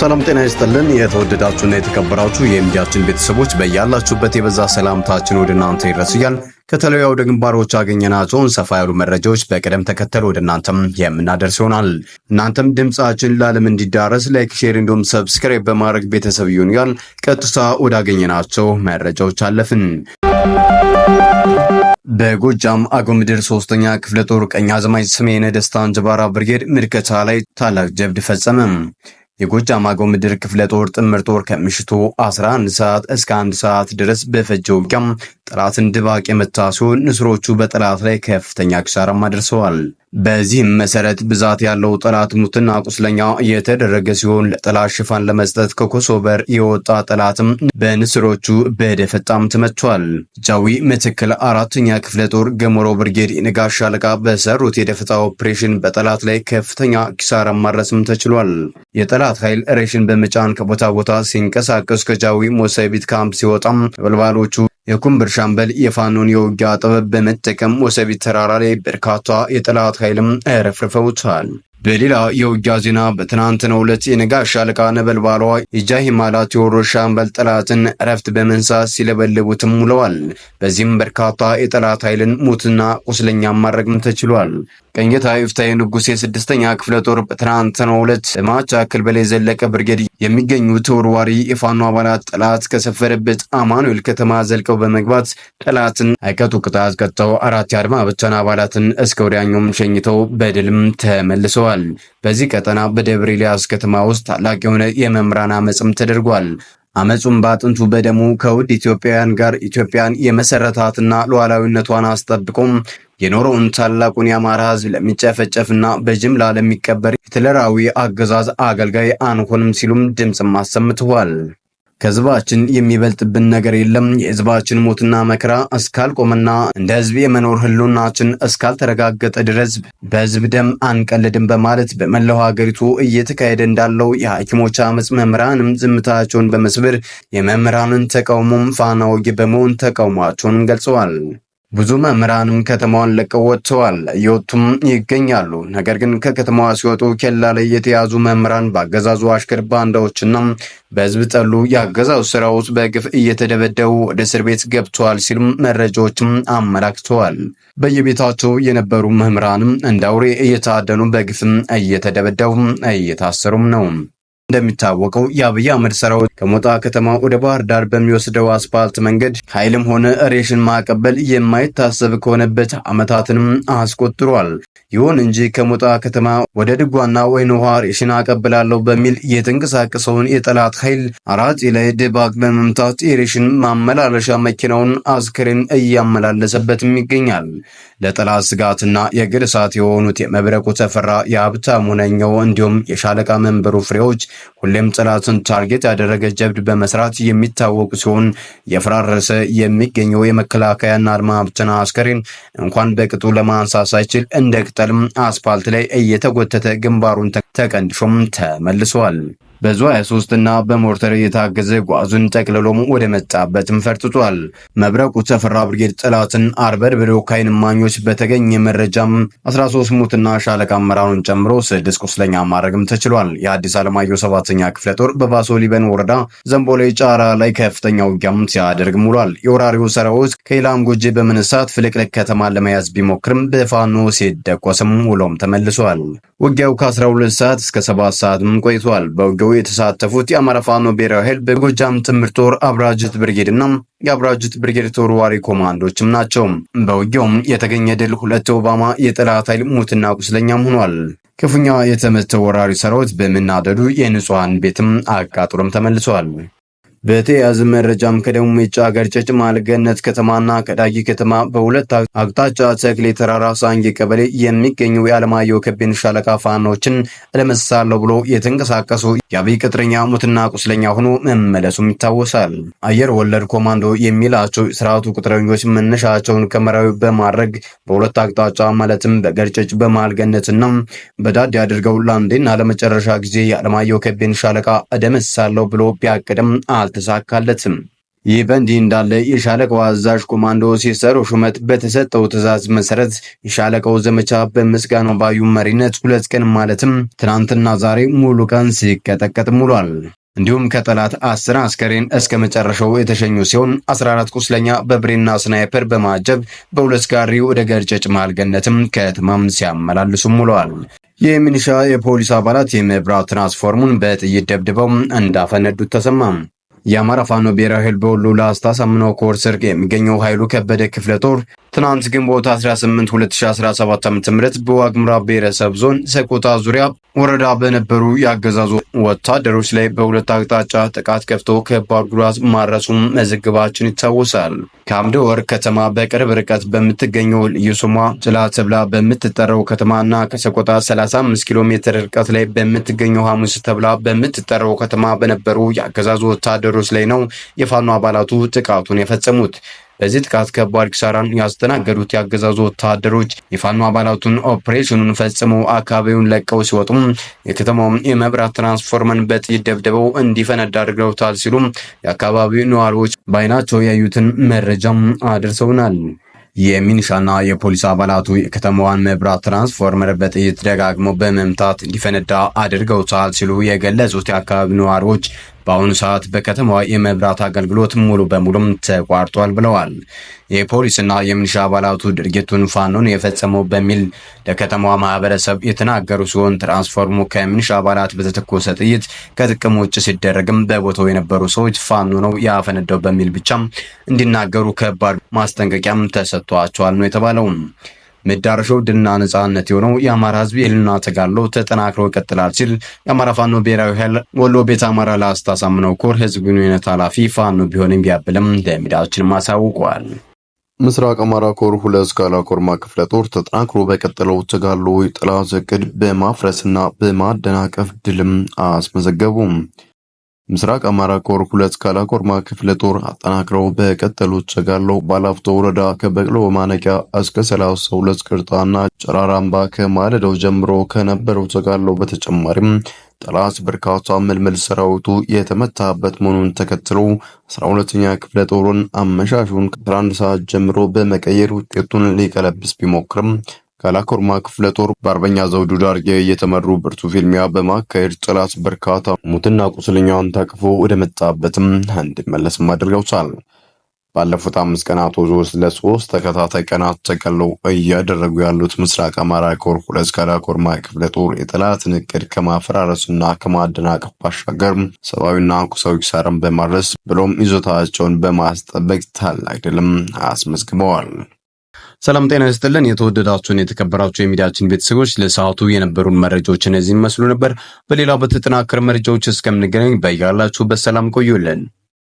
ሰላም ጤና ይስጥልን። የተወደዳችሁና የተከበራችሁ የሚዲያችን ቤተሰቦች በያላችሁበት የበዛ ሰላምታችን ወደ እናንተ ይድረስ እያልን ከተለያዩ አውደ ግንባሮች አገኘናቸውን ሰፋ ያሉ መረጃዎች በቅደም ተከተል ወደ እናንተም የምናደርስ ይሆናል። እናንተም ድምፃችን ለዓለም እንዲዳረስ ላይክ፣ ሼር እንዲሁም ሰብስክራይብ በማድረግ ቤተሰብ ይሁን እያልን ቀጥታ ወዳገኘናቸው መረጃዎች አለፍን። በጎጃም አጎምድር ሶስተኛ ክፍለ ጦር ቀኝ አዝማች ስሜነ ደስታ እንጅባራ ብርጌድ ምድከታ ላይ ታላቅ ጀብድ ፈጸመም። የጎጃም አገው ምድር ክፍለ ጦር ጥምር ጦር ከምሽቱ 11 ሰዓት እስከ 1 ሰዓት ድረስ በፈጀው ውጊያም ጠላትን ድባቅ የመታ ሲሆን ንስሮቹ በጠላት ላይ ከፍተኛ ኪሳራም አድርሰዋል። በዚህም መሰረት ብዛት ያለው ጠላት ሙትና ቁስለኛ የተደረገ ሲሆን ለጠላት ሽፋን ለመስጠት ከኮሶበር የወጣ ጠላትም በንስሮቹ በደፈጣም ተመቷል። ጃዊ ምትክል አራተኛ ክፍለ ጦር ገሞሮ ብርጌድ የነጋሽ ሻለቃ በሰሩት የደፈጣ ኦፕሬሽን በጠላት ላይ ከፍተኛ ኪሳራ ማድረስም ተችሏል። የጠላት ኃይል ሬሽን በመጫን ከቦታ ቦታ ሲንቀሳቀስ ከጃዊ ሞሳይቢት ካምፕ ሲወጣም በልባሎቹ የኩምብር ሻምበል የፋኖን የውጊያ ጥበብ በመጠቀም ወሰቢት ተራራ ላይ በርካታ የጠላት ኃይልም አረፍርፈውታል። በሌላ የውጊያ ዜና በትናንትናው ዕለት የነጋሽ ሻለቃ ነበልባሏ የጃሂ ማላት ቴዎድሮስ ሻምበል ጠላትን እረፍት በመንሳት ሲለበልቡትም ውለዋል። በዚህም በርካታ የጠላት ኃይልን ሞትና ቁስለኛ ማድረግም ተችሏል። ቀኝታ ይፍታዬ ንጉሥ የስድስተኛ ክፍለ ጦር በትናንትናው ዕለት በማቻከል በላይ ዘለቀ ብርጌድ የሚገኙ ተወርዋሪ የፋኖ አባላት ጠላት ከሰፈረበት አማኑኤል ከተማ ዘልቀው በመግባት ጠላትን አይቀጡ ቅጣት ቀጥተው አራት የአድማ ብቻን አባላትን እስከ ወዲያኛውም ሸኝተው በድልም ተመልሰዋል። ተናግረዋል። በዚህ ቀጠና በደብረ ኤልያስ ከተማ ውስጥ ታላቅ የሆነ የመምህራን አመፅም ተደርጓል። አመፁም በአጥንቱ በደሙ ከውድ ኢትዮጵያውያን ጋር ኢትዮጵያን የመሰረታትና ሉዓላዊነቷን አስጠብቆም የኖረውን ታላቁን የአማራ ሕዝብ ለሚጨፈጨፍና በጅምላ ለሚቀበር ሂትለራዊ አገዛዝ አገልጋይ አንሆንም ሲሉም ድምፅም አሰምተዋል። ከህዝባችን የሚበልጥብን ነገር የለም። የህዝባችን ሞትና መከራ እስካልቆመና እንደ ህዝብ የመኖር ህልውናችን እስካልተረጋገጠ ድረስ በህዝብ ደም አንቀልድም በማለት በመላው ሀገሪቱ እየተካሄደ እንዳለው የሐኪሞች አመፅ መምህራንም ዝምታቸውን በመስበር የመምህራንን ተቃውሞም ፋና ወጊ በመሆን ተቃውሟቸውን ገልጸዋል። ብዙ መምህራንም ከተማዋን ለቀው ወጥተዋል፣ እየወጡም ይገኛሉ። ነገር ግን ከከተማዋ ሲወጡ ኬላ ላይ የተያዙ መምህራን በአገዛዙ አሽከር ባንዳዎችና በህዝብ ጠሉ የአገዛዙ ሰራዊት በግፍ እየተደበደቡ ወደ እስር ቤት ገብተዋል ሲሉም መረጃዎችም አመላክተዋል። በየቤታቸው የነበሩ መምህራንም እንደ አውሬ እየታደኑ በግፍም እየተደበደቡም እየታሰሩም ነው። እንደሚታወቀው የአብይ አህመድ ሰራዊት ከሞጣ ከተማ ወደ ባህር ዳር በሚወስደው አስፓልት መንገድ ኃይልም ሆነ ሬሽን ማቀበል የማይታሰብ ከሆነበት ዓመታትንም አስቆጥሯል። ይሁን እንጂ ከሞጣ ከተማ ወደ ድጓና ወይን ውሃ ሬሽን አቀብላለሁ በሚል የተንቀሳቀሰውን የጠላት ኃይል አራጢ ላይ ድባቅ በመምታት የሬሽን ማመላለሻ መኪናውን አስክሬን እያመላለሰበትም ይገኛል። ለጠላት ስጋትና የግል እሳት የሆኑት የመብረቁ ተፈራ፣ የሀብታሙ ነኘው እንዲሁም የሻለቃ መንበሩ ፍሬዎች ሁሌም ጠላትን ታርጌት ያደረገ ጀብድ በመስራት የሚታወቁ ሲሆን የፈራረሰ የሚገኘው የመከላከያና አድማ ብተና አስከሬን እንኳን በቅጡ ለማንሳት ሳይችል እንደ ቅጠልም አስፋልት ላይ እየተጎተተ ግንባሩን ተቀንድሾም ተመልሷል። በዙ 23 እና በሞርተር የታገዘ ጓዙን ጠቅልሎም ወደ መጣበትም ፈርጥቷል። መብረቁ ተፈራ ብርጌድ ጠላትን አርበድብዶ ከዓይን ማኞች በተገኘ መረጃም 13 ሙትና ሻለቃ አመራሩን ጨምሮ ስድስት ቁስለኛ ማድረግም ተችሏል። የአዲስ አለማየሁ ሰባተኛ ክፍለ ጦር በባሶ ሊበን ወረዳ ዘንቦሌ ጫራ ላይ ከፍተኛ ውጊያም ሲያደርግ ሙሏል። የወራሪው ሰራዊት ከኢላም ጎጄ በመነሳት ፍልቅልቅ ከተማን ለመያዝ ቢሞክርም በፋኖ ሲደቆስም ውሎም ተመልሷል። ውጊያው ከ12 ሰዓት እስከ 7 ሰዓትም ቆይቷል። በውጊያው የተሳተፉት የአማራ ፋኖ ብሔራዊ ኃይል በጎጃም ትምህርት ጦር አብራጅት ብርጌድ እና የአብራጅት ብርጌድ ተወርዋሪ ኮማንዶችም ናቸው። በውጊያውም የተገኘ ድል ሁለት ኦባማ የጠላት ኃይል ሙትና ቁስለኛም ሆኗል። ክፉኛ የተመተው ወራሪ ሰራዊት በምናደዱ የንጹሐን ቤትም አቃጥሎም ተመልሰዋል። በተያያዘ መረጃም ከደቡብ ሜጫ ሀገር ጨጭማ ገነት ከተማና ከዳጊ ከተማ በሁለት አቅጣጫ ተክሌ ተራራ ሳንጌ ቀበሌ የሚገኙ የአለማየሁ ከቤን ሻለቃ ፋኖችን እለመሳለሁ ብሎ የተንቀሳቀሱ የአብይ ቅጥረኛ ሙትና ቁስለኛ ሆኖ መመለሱም ይታወሳል። አየር ወለድ ኮማንዶ የሚላቸው ስርዓቱ ቁጥረኞች መነሻቸውን ከመራዊ በማድረግ በሁለት አቅጣጫ ማለትም በገርጨጭ በማልገነትና በዳዲ አድርገው ለአንዴና ለመጨረሻ ጊዜ የአለማየሁ ከቤን ሻለቃ እደመሳለሁ ብሎ ቢያቅድም አል አልተሳካለትም። ይህ በእንዲህ እንዳለ የሻለቃው አዛዥ ኮማንዶ ሲሰሩ ሹመት በተሰጠው ትዕዛዝ መሰረት የሻለቃው ዘመቻ በምስጋናው ባዩ መሪነት ሁለት ቀን ማለትም ትናንትና ዛሬ ሙሉ ቀን ሲቀጠቀጥ ሙሏል። እንዲሁም ከጠላት አስር አስከሬን እስከ መጨረሻው የተሸኙ ሲሆን 14 ቁስለኛ በብሬና ስናይፐር በማጀብ በሁለት ጋሪ ወደ ገርጨጭ ማልገነትም ከተማም ሲያመላልሱም ውለዋል። የሚኒሻ የፖሊስ አባላት የመብራት ትራንስፎርሙን በጥይት ደብድበው እንዳፈነዱት ተሰማም። የአማራ ፋኖ ብሔራዊ ኃይል በወሎ ላስታ ሳምናው ኮር ስር የሚገኘው ኃይሉ ከበደ ክፍለ ጦር ትናንት ግንቦት 18 2017 ዓ ም በዋግምራ ብሔረሰብ ዞን ሰቆጣ ዙሪያ ወረዳ በነበሩ የአገዛዞ ወታደሮች ላይ በሁለት አቅጣጫ ጥቃት ከፍቶ ከባድ ጉዳት ማድረሱም መዘግባችን ይታወሳል። ከአምደ ወር ከተማ በቅርብ ርቀት በምትገኘው ልዩ ስሟ ጭላ ተብላ በምትጠራው ከተማና ከሰቆጣ 35 ኪሎ ሜትር ርቀት ላይ በምትገኘው ሐሙስ ተብላ በምትጠራው ከተማ በነበሩ የአገዛዙ ወታደሮች ላይ ነው የፋኖ አባላቱ ጥቃቱን የፈጸሙት። በዚህ ጥቃት ከባድ ኪሳራን ያስተናገዱት የአገዛዙ ወታደሮች የፋኖ አባላቱን ኦፕሬሽኑን ፈጽመው አካባቢውን ለቀው ሲወጡም የከተማውም የመብራት ትራንስፎርመን በጥይት ደብድበው እንዲፈነዳ አድርገውታል ሲሉም የአካባቢው ነዋሪዎች በአይናቸው ያዩትን መረጃም አድርሰውናል። የሚኒሻና የፖሊስ አባላቱ የከተማዋን መብራት ትራንስፎርመር በጥይት ደጋግሞ በመምታት እንዲፈነዳ አድርገውታል ሲሉ የገለጹት የአካባቢ ነዋሪዎች በአሁኑ ሰዓት በከተማዋ የመብራት አገልግሎት ሙሉ በሙሉም ተቋርጧል ብለዋል። የፖሊስና የምንሻ አባላቱ ድርጊቱን ፋኖን የፈጸመው በሚል ለከተማዋ ማህበረሰብ የተናገሩ ሲሆን ትራንስፎርሙ ከምንሻ አባላት በተተኮሰ ጥይት ከጥቅም ውጭ ሲደረግም በቦታው የነበሩ ሰዎች ፋኖ ነው ያፈነዳው በሚል ብቻም እንዲናገሩ ከባድ ማስጠንቀቂያም ተሰጥቷቸዋል ነው የተባለውም። መዳረሻው ድና ነጻነት የሆነው የአማራ ህዝብ የህልና ተጋድሎ ተጠናክሮ ይቀጥላል ሲል የአማራ ፋኖ ብሔራዊ ኃይል ወሎ ቤት አማራ ላስታ ኮር ህዝብ ግንኙነት ኃላፊ ፋኖ ቢሆንም ቢያብልም ለሚዲያችን አሳውቋል። ምስራቅ አማራ ኮር ሁለት ጋላ ኮርማ ክፍለ ጦር ተጠናክሮ በቀጠለው ተጋድሎ ጠላት ዕቅድ በማፍረስና በማደናቀፍ ድልም አስመዘገቡም ምስራቅ አማራ ኮር ሁለት ካላኮርማ ክፍለ ጦር አጠናክረው በቀጠሉት ቸጋለው ባላፍቶ ወረዳ ከበቅሎ ማነቂያ እስከ ሰላሳ ሁለት ቅርጣና ጨራራምባ ከማለዳው ጀምሮ ከነበረው ቸጋለው በተጨማሪም ጠላት በርካታ ምልምል ሰራዊቱ የተመታበት መሆኑን ተከትሎ 12ኛ ክፍለ ጦሩን አመሻሹን ከ11 ሰዓት ጀምሮ በመቀየር ውጤቱን ሊቀለብስ ቢሞክርም ከላኮርማ ክፍለ ጦር በአርበኛ ዘውዱ ዳርጌ የተመሩ ብርቱ ፊልሚያ በማካሄድ ጥላት በርካታ ሙትና ቁስለኛውን ታቅፎ ወደ መጣበትም እንዲመለስም አድርገውታል። ባለፉት አምስት ቀናት ወዞ ውስጥ ለሶስት ተከታታይ ቀናት ተቀለው እያደረጉ ያሉት ምስራቅ አማራ ኮር ሁለት ከላኮርማ ክፍለ ጦር የጠላትን እቅድ ከማፈራረሱና ከማደናቀፍ ባሻገር ሰብአዊና ቁሳዊ ኪሳራን በማድረስ ብሎም ይዞታቸውን በማስጠበቅ ታላቅ ድልም አስመዝግበዋል። ሰላም ጤና ይስጥልን። የተወደዳችሁን የተከበራችሁ የሚዲያችን ቤተሰቦች ለሰዓቱ የነበሩን መረጃዎች እነዚህን መስሉ ነበር። በሌላ በተጠናከረ መረጃዎች እስከምንገናኝ በያላችሁበት ሰላም ቆዩልን።